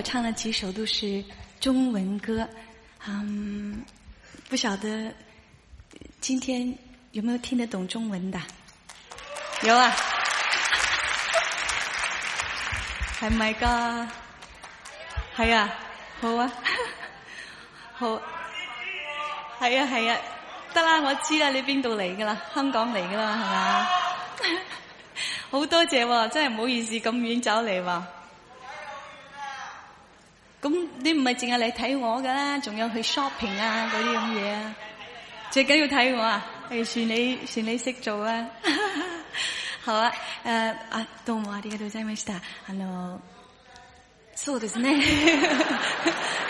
我唱了幾首都是中文歌，嗯，不曉得今天有沒有聽得懂中文的？有啊，係咪噶？係 啊，好啊，好，係啊係啊，得啦、啊啊，我知啦，你邊度嚟噶啦？香港嚟噶啦，係嘛？啊、 好多謝、哦，真係唔好意思，咁遠走嚟哇！咁你唔係淨係嚟睇我㗎啦，仲有去 shopping 啊嗰啲咁嘢啊，最緊要睇我啊，係，算你算你識做啊，好啊，誒啊，どうもありがとうございました。あの、そうですね。